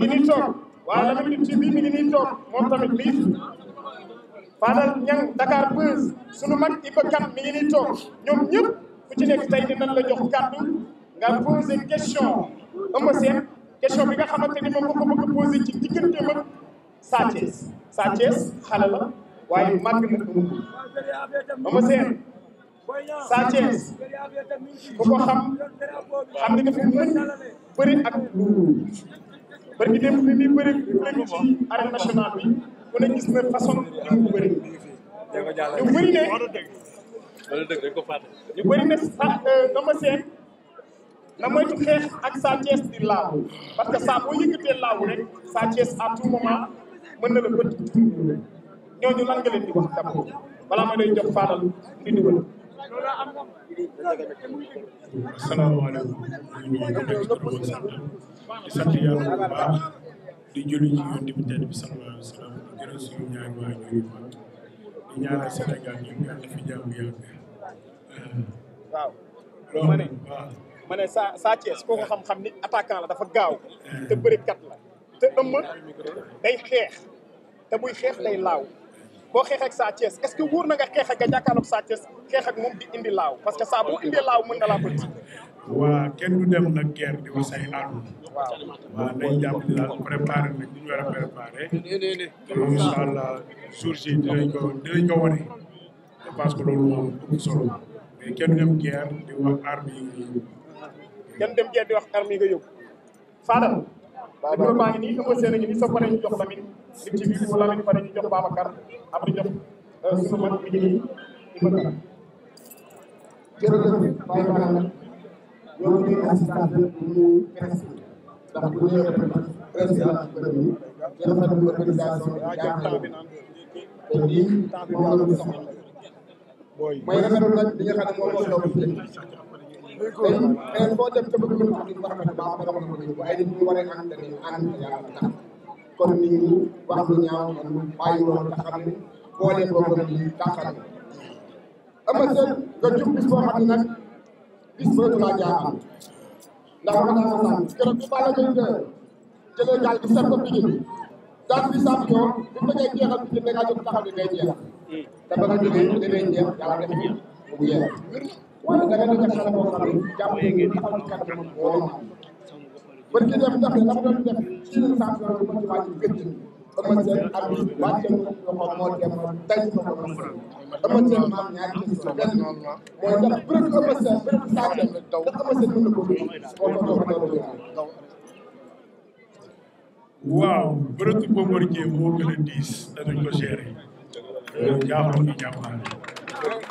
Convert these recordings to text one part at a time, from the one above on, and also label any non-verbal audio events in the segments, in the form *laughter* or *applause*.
mi ngi nii toog waaw Lamine Lim ci bii mi ngi nii toog moom tamit mi Fadal Niang Dakar Buzz sunu mag Iba Kane mi ngi nii toog ñoom ñëpp ku ci nekk tey dinañ la jox kàddu nga poser question Eumeu Sène question bi nga xamante ni moom moo ko bëgg poser ci digganteem ak Sa Thiès Sa Thiès la waaye màgg na dugub Eumeu Sène Sa Thiès ko xam xam ni dafa mën bëri ak lu parce que démb bi muy bëri bëri ci arène nationale bi ne gis na façon bi mu bëri. ñu ne. ñu bëri ne sa euh, Eumeu Sène na moytu ak Sa Thiès di laabu parce que saa boo yëkkatee laabu rek Sa Thiès à tout moment mën na la bët ñooñu lan nga leen di wax d'abord balaa ma lay jox faatal di dugal. asalaamaaleykum ñu ngi leen di nuyu di sant sant yàlla bu baax di julli ci yoon bi tey bi sallallahu alayhi wa sallam di gërëm suñu ñaari waa ñu di ñaanal waaw ma ne ma ne Sa Sa xam-xam ni attaquant la dafa gaaw eh. te bërikat la te ëmb day xeex te buy xeex day laaw. boo xeex ak Sa Thiès est-ce que wóor na nga xeex ak nga jàkkaarloog Sa Thiès xeex ak moom di indi laaw parce que saa boo indee laaw mën nga laa bëri. waa kenn du dem nag guerre di wax say arme. waaw waaw a préparé. que loolu moom du kenn dem guerre di wax arme yi nga yóbbu. kenn dem guerre di wax arme yi nga seen a ngi nii sa pare ñu jox liñ ci biir wala lañ pare ñu jox Babacar après jox suñu mën bi ñuy bëgg jërëjëf Baye Balla assistant de ñu presse ndax bu ñu presse la ak bëri yi dafa organisation jaarale te lii moo la ñu soxla mooy rafetlu nag li nga xam ne moo la soxla bu jënd tey tey boo dem ca bëgg ñu wax ne baax na ko ñu bu ay nit ñu waree ànd ne ànd yàlla tax kon nit ñi wax lu ñaaw ñu bàyyi woon nga xam ne boole boobu nag ñuy tàqale Eumeu Sène nga jub bis boo xam ne nag bis boobu laa jaaxal ndax wax naa ko sànq keroog bi Balla Gaye de jëlee gaal bi seet ko Pikine daan bi sàmm yoon bu fekkee jeexal Pikine nekk àjjum taxaw ne day jeex te ba nga jógee ñu demee jeex yàlla def it mu jeex waaye da nga nekk xale boo xam ne jàpp ngeen taxaw ci kanam moom parce que def def la doon def ci ñu sax do ko wàññi gëcc dama seen am wàcce loxo moo dem dañ ko ko dama seen maam ñaari question benn mooy ndax bëri ko ma seen bëri saa seen daw dama seen mën ko ko ko ko ko waaw bëreetu Bombardier moo gën a diis danañ ko gérer jaaxal ñu jàmbaar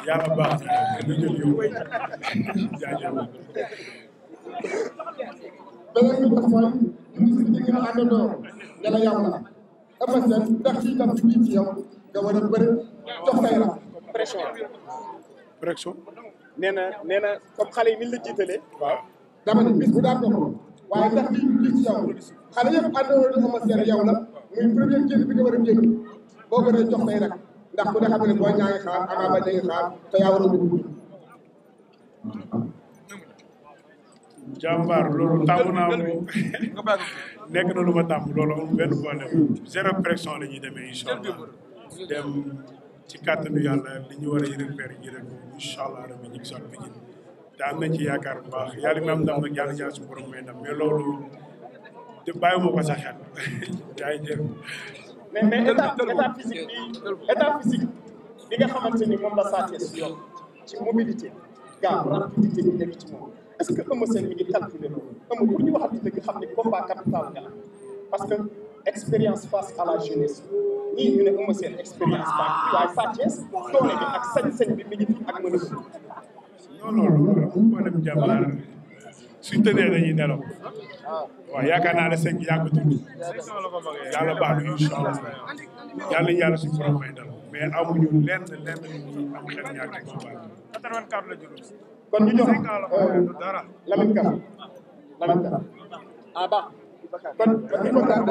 yàlla baax na ñu jël yow *laughs* jaajëf beneen bi dafa am ministre bi nga àndandoo ne la a la EPSN ndax ci tam ci ci yow nga war a bëri jox tay la pression na nee na comme xale yi mi la jiitalee waaw dama ne bis bu daan dox waaye ndax li li ci yow xale yëpp àndandoo di ama seen yow la muy premier génn bi nga war a génn boo bëree jox tay rek ndax ku ne xam ne boo ñaa ngi a Ama Baldé ngi xaar te yaa war a jàmbaar loolu tàmm naa ko nekk na lu ma tàmm loolu amul benn problème zéro pression la ñuy deme incha dem ci kàttanu yàlla li ñu war a yërëm père yi rek incha allah rabbi ñu ngi soog nañ ci yaakaar baax yàlla mi am ndam nag yàlla jaar suñu borom may loolu te bàyyiwuma ko sa xel *laughs* jaay jër mais mais état état physique bi état moom la Sa Thiès ci mobilité gaaw rapidité bi nekk est-ce que Eumeu Sène mi ngi calculé loolu Eumeu bu ñu waxati dëgg xam ne combat capital nga am parce que expérience face à la jeunesse ñii ñu ne Eumeu Sène expérience baa ngi waaye Sa Thiès doole bi ak sañ-sañ bi mi ngi fi ak mën a fi. non loolu problème jàmbaar suñ tëddee dañuy nelaw waaw yaakaar naa ne sëñ bi yàggatul yàlla baax na incha allah yàlla yàlla suñu borom may dal mais amuñu lenn lenn am xel ñaar teg ko baax. 84 la juróom. kon ñu jox euh, Lamine Ka Lamine Ka aba ah, kon Ibou Bakar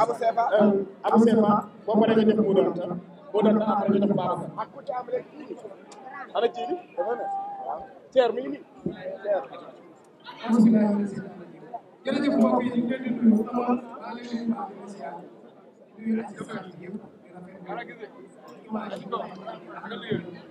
Abou Sefa euh, Abou Sefa boo paree nga def boo doon ta après nga jox Babacar ku am rek ana ci ni dafa ne ceer mi ni ceer jërëjëf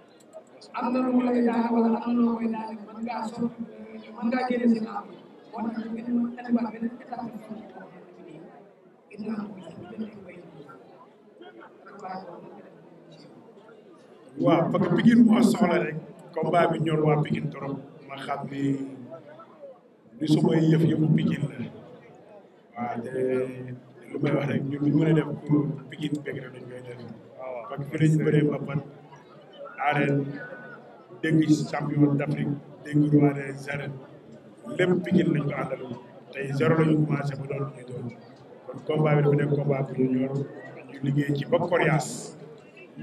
am na bi moo a indiwaat beneen état bi waaw parce que Pikine soxla rek combat bi ñor waa Pikine trop ma xam ni li sumay yëf yëfu Pikine la waaw te lu may wax rek ñun ñu mën a def pour Pikine bëgg def ah, waaw parce que fi lañ dégg champion d'Afrique dégg roi des arènes lépp Pikine lañ ko àndal tey zéro la ñu commencé doon lu doon kon combat bi dafa nekk combat bu ñu ñor liggéey ci ba coriace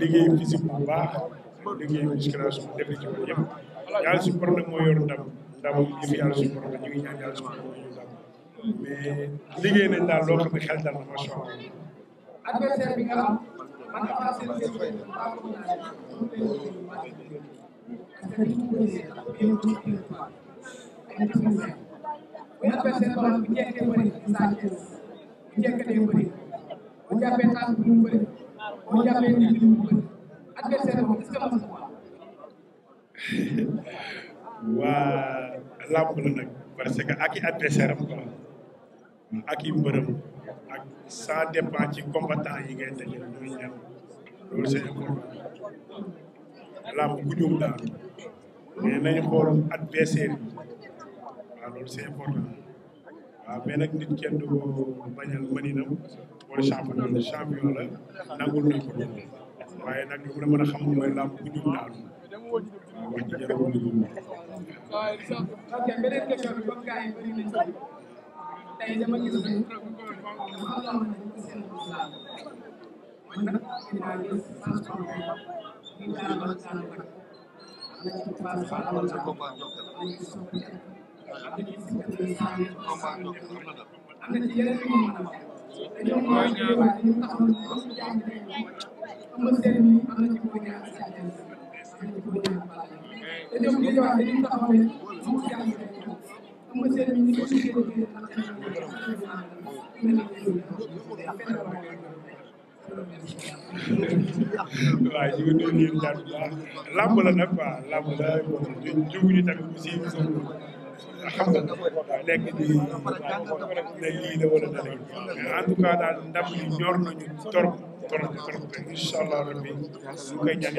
liggéey physique bu baax liggéey musculation def ci ko yëpp yàlla suñu borom nag moo ñu ngi ñaan yàlla suñu mais liggéey nañ daal loo xam xel dal na macha allah. adversaire jàppee seen borom bu jekkee waa làmb nag parce que ak i adversaire am ko ak i mbërëm yi ngay dajal ñooy ñan loolu c'est làmb bu juum daal mais nañu xool adversaire waaw loolu c'est important waaw mais nag nit bañal maninam wala champion la champion nangul waaye nag li la mën a xam mooy làmb bu juum daal am na waaw ñu ngi nuyu ñun daal bu baax làmb la nag waaw làmb la jóguñu tamit di ne lii la wala ne mais daal ndam yi ñor nañu torop torop torop te incha rabbi lu koy ñaan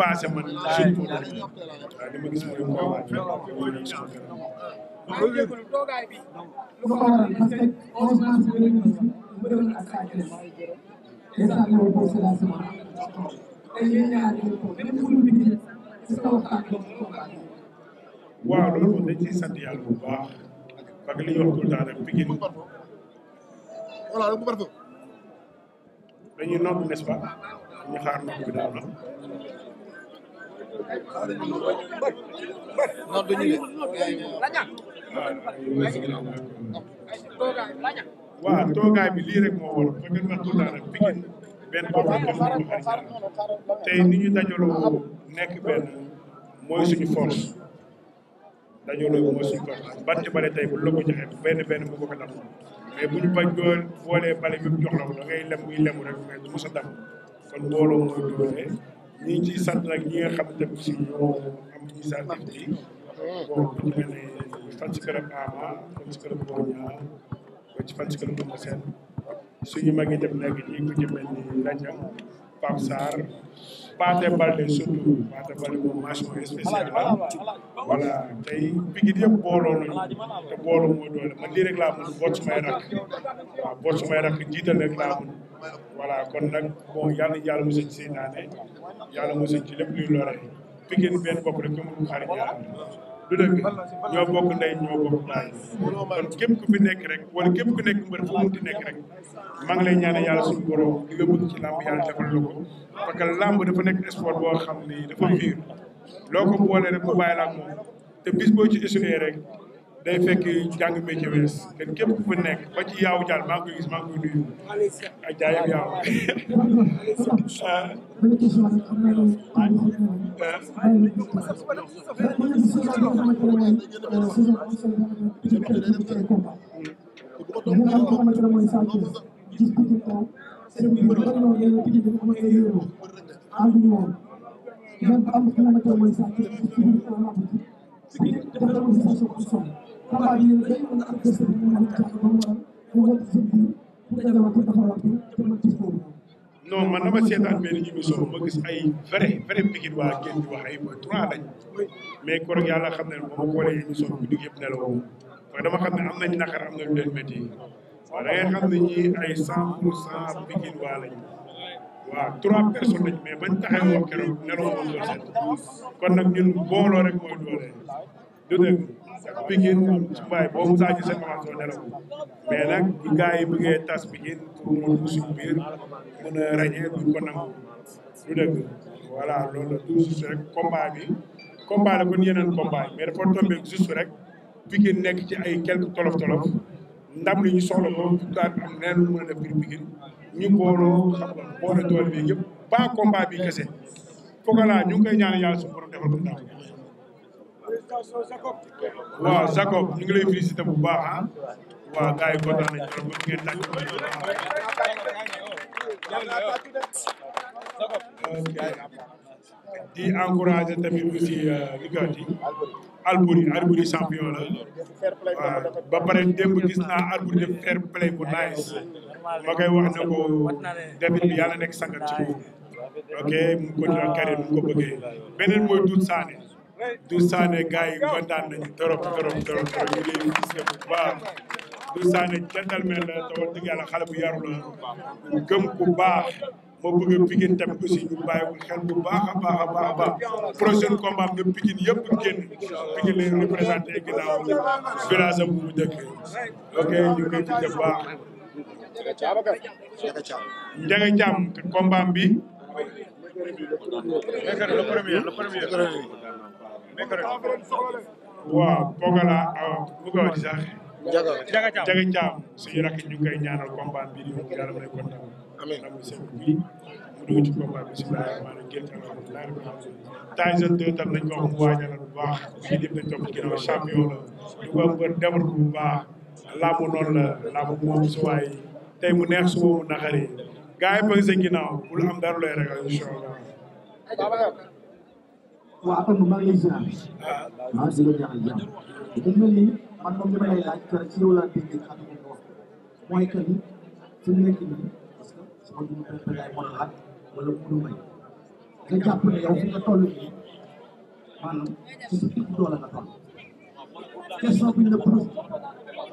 man surtout waaw li mënoon ak Sa Thiès instant yow boo si laaj sama te yéen ñaar yéen ko même baax parce que li ñu wax tout le temps rek Pikine dañuy nopp nest daal la. waaw toogaay bi lii rek moo waral ma ngeen wax tout benn bopp la comme tey ni ñu dajaloo nekk benn mooy suñu force dajaloo mooy suñu ban bale tey bu la ko benn benn bu ko ko dam mais bu ñu bañ ko bale bi jox la ko da ngay lem muy lemu rek mais du mos a dam kon mbooloo mooy doole ñu ngi ciy sant nag ñi nga xam ne aussi am initiative bi bon bu ñu ne fan si këram Ama fan si këram ko ci fan si kër Mbour Sène suñu mag yi dem léegi ñi ku ci mel ni Ladian Pape Sarr Pathé Baldé surtout Pathé Baldé moom mention spéciale la voilà tey Pikine yëpp booloo nañu te booloo moo doole man lii rek laa boot sumay rak waaw boot sumay rak kon nag bon yàlla yàlla mos a ci seytaane ci lépp luy lore Pikine benn bopp rek comme xarit du dëgg ñoo bokk ndey ñoo bokk baay kon képp ku fi rek wala képp ku nekk mbër fu mu di nekk rek maa ngi lay ñaanal yàlla suñu borom li nga bëgg ci làmb yàlla defal la ko parce que làmb dafa nekk sport boo xam ni dafa fiir loo ko boole rek mu bàyyi la ak moom te bis boo ci day fekk jàng métier wees kenn képp ku fa nekk ba ci yaaw jaal maa ngi koy gis maa ngi koy nuyu ak jaay ak yaaw am taxawaay yi dañu mën a am gëstu bi ñu mën a jox ko taxawaat gis ay vrai vrai Pikine waa kenn di wax ay trois lañ mais kon yàlla xam ne moom moo xoolee émission bi digg yëpp nelawoo parce que dama xam ne am nañ naqar am na lu leen métti waaw da ngay xam ne ñii ay cent pour cent Pikine waa lañ waaw trois personnes lañ mais bañ taxee wax keroog nelawoo moom kon nag ñun booloo rek mooy doole Pikin supaya boobu saa ci seen dalam, nelaw mais nag tas Pikin pour mu dugg suñu biir mën a ràññee duñ ko nangu du dëgg voilà loolu la tout juste rek combat Pikin nekk ci ay quelques tolof tolof ndam li ñu soxla ko am def ñu boole doole bi yëpp combat bi kese foog ñu ngi koy ñaan yàlla borom defal ko waaw Jacob ñu ngi lay félicité bu baax ah. waaw gars yi kontaan nañu trop ñu ngeen tàcc. Euh, di encouragé tamit aussi Rigati euh, Albouri Albouri champion la waaw ba pare démb gis naa Albouri def fair play bu nice ma wax ne ko défi bi yàlla nekk sangat ci moom ok mu continué carrière mu ko bëggee beneen mooy Doudou Sané. du saane gars yi kontaan nañu trop trop trop trop ñu lay gis bu baax du saane jantal mel la te wax dëgg yàlla xale bu yaru la gëm ku baax moo bëgg Pikine tamit aussi ñu xel bu baax a baax a baax a baax prochain combat génn Pikine lay représenté ginnaaw village bu mu dëkk ñu koy tuddee bu baax Ndiaga bi waaw Pogala bu ah, ko waxee sax. Jaga Jaga Thiam Jaga Thiam suñu rakk ñu koy ñaanal combat bi ñu yàlla may ko ndam. amiin am seen bi mu dugg ci combat bi bisimilah maanaam tam nañ ko wax mu baax ñu dem nañ topp ginnaaw champion la du ko mbër defar bu baax làmb noonu la làmb moom su waay tey mu neex suba mu naqari gars yi am dara looy ragal incha allah waaw après moom ah, maa ngi lay ziar ah di la mu ni man moom ma lay laaj kër ci yow laa dégg xam nga ko mooy parce que sama dugub bi dafa yaay a laaj wala mu may nga jàpp ne yow fi nga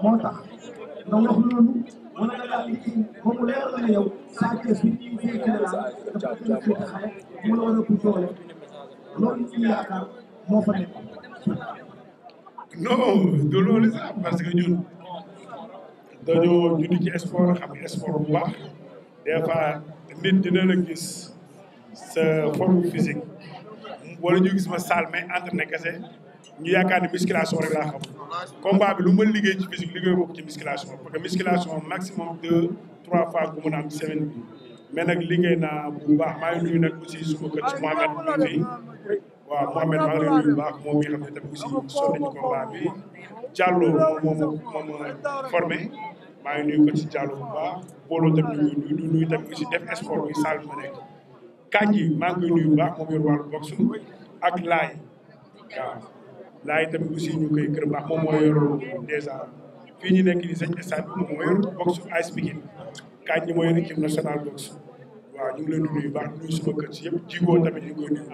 moo tax nga wax loolu wala nga daal di kii ne yow saa kees bi ñu la daal dafa gën a fekk xale mu la war a doole. moo non du loolu parce que ñun dañoo judd ci sport xam sport bu baax des fois nit dina la gis sa forme physique wala ñu gis ma salle mais entraîné kese ñu yaakaar ne musculation rek laa xam combat bi lu ma liggéey ci physique liggéey bokk ci musculation parce que musculation maximum deux trois fois bu semaine bi mais nag liggéey naa bu baax maa ngi nuyu nag aussi suma coach Mohamed mu waaw Mohamed maa ngi lay nuyu bu baax moom mi xam ne tamit aussi sonn nañu combat maa ngi ñu ngi nuyu tamit aussi def sport bi salle bi ma nekk Kanji maa ngi koy nuyu bu baax moom yor wàllu ak Laay Laay tamit aussi ñu koy gërëm baax moom moo yor dèjà fii ñu nekk nii sañ stade bi moom moo yor boxe AS Pikine Kanji moo yor équipe nationale boxe waaw ñu ngi leen di nuyu bu baax suma kër si yëpp jigoo tamit ñu koy nuyu bu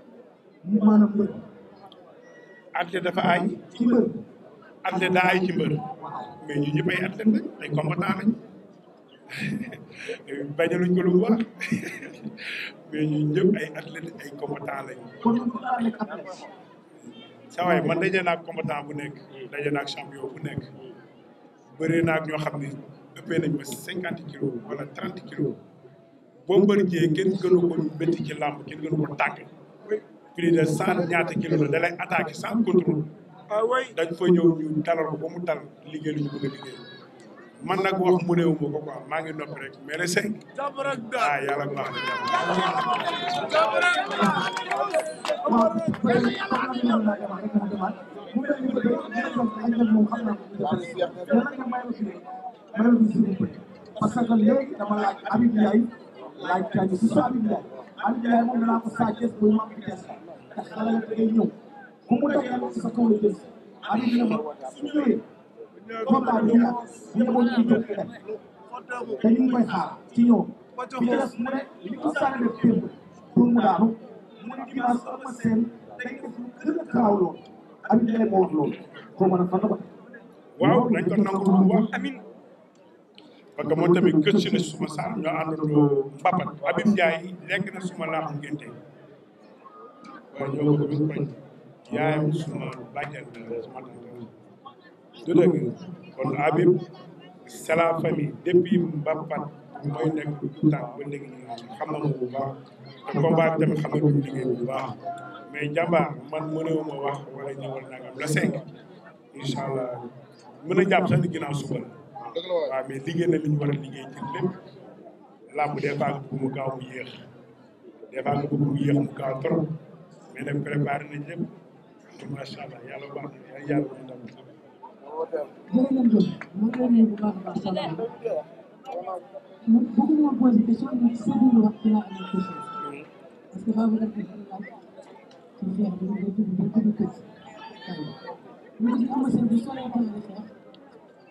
maanaam mbër. athlète dafa aay ci mbër. ci mbër mais ñu ñëpp ay athlète lañ ay combattant lañ *laughs* bañaluñ ko *laughs* mais ñu ñëpp ay athlète ay combattant lañ. saa man daje naag bu nekk daje naag champion bu nekk bëree naag ñoo xam ne ëppee nañ ma cinquante kilos wala trente kilos boo mbër jee kenn gënu ko métti ci làmb kenn gënu ko tàgg. plus de cent ñaata kilo la da lay attaqué sans contrôle ah fa ñëw ñu dalal ko ba mu dal liggéey lu ñu bëgg a liggéey man nag wax mu néew ma ko quoi maa ngi noppi rek mais le cinq ah am jaay moom danaa ko saa kees bu mag bi des ndax xale la day ñëw bu mu defee sa kaw la jëm am na ma su ñëwee combat bi ñàkk ñëpp a ci jóg dem te ñu ngi koy xaar ci ñëw bi des mu ne li ko saa def démb pour mu daanu mu ne dimanche sama seen dañ def lu gën a gaaw loolu am jaay moo wax loolu koo mën a fan ba waaw dañ ko nangu bu wax amin parce que tamit kër si suma saal ñoo àndandoo Mbapat Abim Ndiaye lekk na suma laaxu ngénte waaye yaayam suma bàjjan la suma tante du dëgg kon Abim c'est la famille mooy nekk du tànk ba léegi ñu xam bu baax tamit xam na duñu liggéey bu baax mais jàmbaar man mënewuma wax wala ñëwal nangam la cinq incha allah mën a jàpp sax ni ginnaaw suba la waaw mais liggéey na li ñu war a liggéey ci lépp làmb des fois nga bëgg mu gaaw mu yéex des fois nga bëgg mu yéex mu gaaw trop mais nag préparé nañ lépp te macha allah yàlla baax na yàlla may ndam. Parce que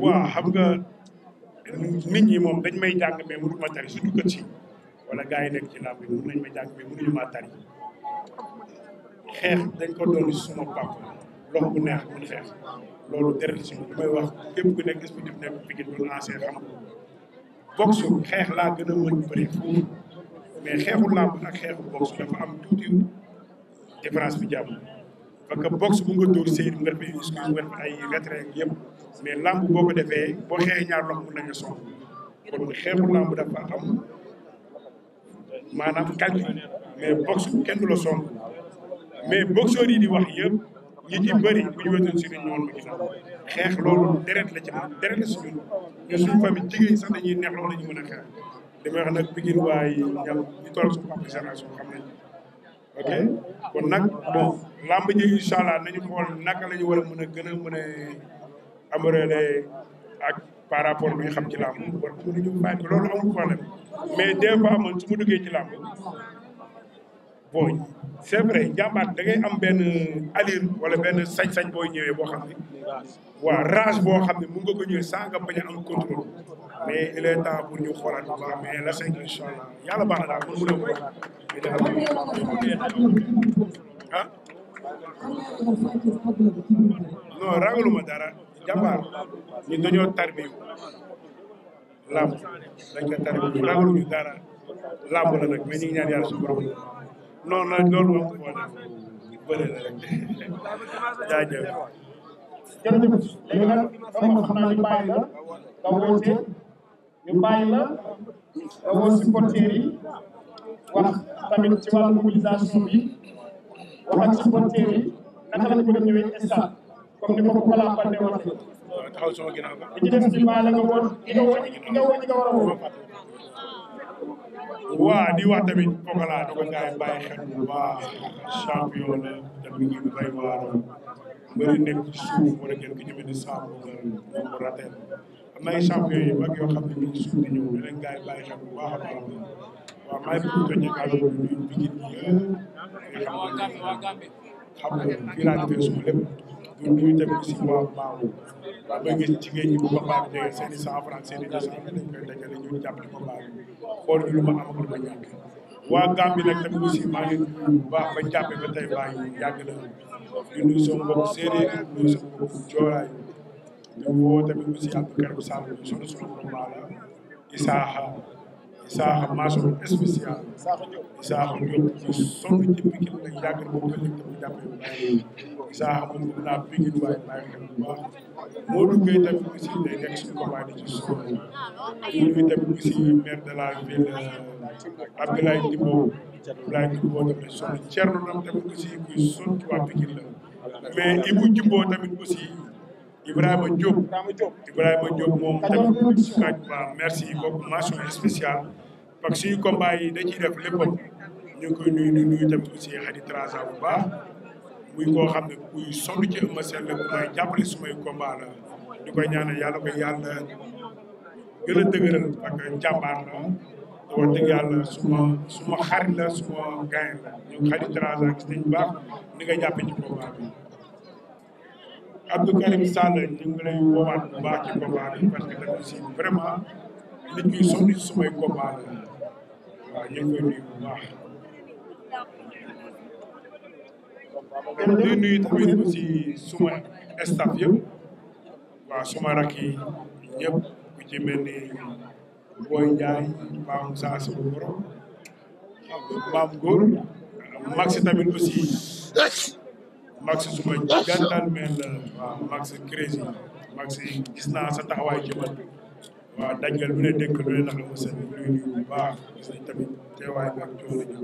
waaw xam nga nit ñi moom dañ may jàng mais mënu ma tari surtout kër si wala gars yi nekk ci làmb bi mën nañ ma jàng mais mënuñu maa tari xeex dañ ko doon suma papa loxo bu neex mun xeex loolu deret si li may wax képp ku nekk sportif nekk Pikine doon ancien xam boxe xeex laa a mën bëri foofu mais xeexu làmb ak xeexu boxe dafa am tuuti différence bi jàmm parce que boxe bu nga dóor séer mu nga def ay excuse mu nga def ay retrait yëpp mais làmb boo ko defee boo xeexee ñaar loxo mun nañu sonn kon xeexu làmb dafa am maanaam calcul mais box kenn du la sonn mais boxeur yi di wax yëpp ñi ci bëri bu ñu wetoon si ne ñoon ma la ci man deret la suñu ñun suñu famille jigéen ñi sax dañuy neex loolu la ñu mën xeex damay wax nag Pikine waay ñam ñu toll suñu papa génération xam nañu ok kon nag bon làmb ji incha allah nañu xool naka la ñu mën a gën mën a amorele ak par rapport lu xam ci làmb war mënuñu bàyyi ko loolu amul problème mais des fois man su duggee ci làmb bon c' est vrai jàmbaat da am benn allure wala benn sañ-sañ booy ñëwee boo xam ne waaw rage boo xam ne mu nga ko ñëwee sans nga bañ am contrôle mais il est temps pour ñu xoolaat bu baax mais la cinq incha allah yàlla baax na daal man mënoo ko ah non ragaluma dara jàmbaar ñu dañoo tarbiyu làmb dañ ko tarbiyu ragaluñu dara làmb la nag mais ñu ngi ñaan yàlla suñu borom non non loolu moom moo tax bëri na rek *laughs* jaajëf. jërëjëf léegi nag xam nga xam naa ñu bàyyi la nga woote ñu bàyyi la nga woo ci wàllu mobilisation bi wax ak supporters yi naka la ñu ko comme ni ma ko Fala Balde waxee. waaw taxaw sama ginnaaw di wax tamit yi bay waaram mbëri nekk suuf wala kenn ki ñu mel ni Saabu nga ko ratel am xam ne ñu suuf di ñëw leneen gars yi bàyyi xel bu baax a baax waaw maa ngi bëgg a ñàkk a yóbbu ñu ngi xam nga xam nga fii laa defee suñu pour ñu teg aussi waaw waaw waaw ba gis jigéen ñi bu combat bi jege seen i cent franc seen i deux cent dañ koy dajale ñu jàpp ci combat bi ma am waa Gambie nag tamit aussi maa ngi baax ba jàppe ba tey baa ngi yàgg na ñu nuyu sama mbokk séeréer ñu nuyu sama mbokk Isaaxa maasul spécial Isaaxa Diop mu song ci Pikine nag yàgg na boobu ëllëg dama jàpp Isaaxa moom mun naa Pikine bu baax moo duggee tamit aussi day nekk suñu combat ci suuf mu maire de la ville euh, Abdoulaye Dibo Abdoulaye Dibo tamit sonn Thierno Lam tamit aussi kuy sonn ci waa Pikine la mais Ibou Dibo tamit aussi Ibrahima Diop Ibrahima Diop moom tamit kaaj ba merci kooku mention spéciale parce que suñu combat yi da ciy def ñu ngi koy nuyu di nuyu tamit aussi Khady Traza bu baax muy koo xam ne kuy sonn ci Eumeu Sène bu may jàppale sumay combat la di koy ñaanal yàlla ko yàlla gën a dëgëral parce que jàmbaar suma suma la suma gaay la ñu Khady Traza gis nañu baax ni nga jàppee ci Abdou Karim Sall ñu ngi lay woowaat bu baax ci combat bi parce que tamit si vraiment nit ñuy sonn si sumay combat la waaw ñu ngi koy nuyu bu baax. di nuyu tamit aussi suma staff yëpp waaw suma rakk yi ñëpp ku ci mel ni Boy Ndiaye Maam Saa borom Maam Góor Maxi tamit aussi. Max su ma gàttal mel waaw Max crazy Max naa sa taxawaay ci waaw dajgal lu ne dëkk lu ne ndax dama seen luy bu baax gis nañ tamit teewaay ak coono yi rek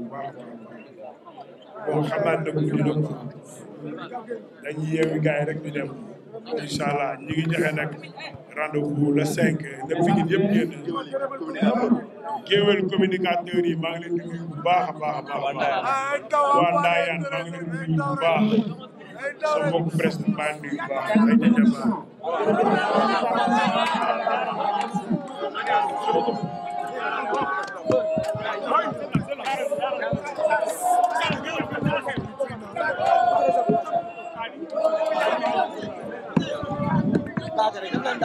ñu dem communicateur yi maa ngi leen di bu baax a baax a baax waa Ndayane maa ngi leen di nuyu baax sama mbokk presse bi maa nuyu bu baax ay jaajëf baax.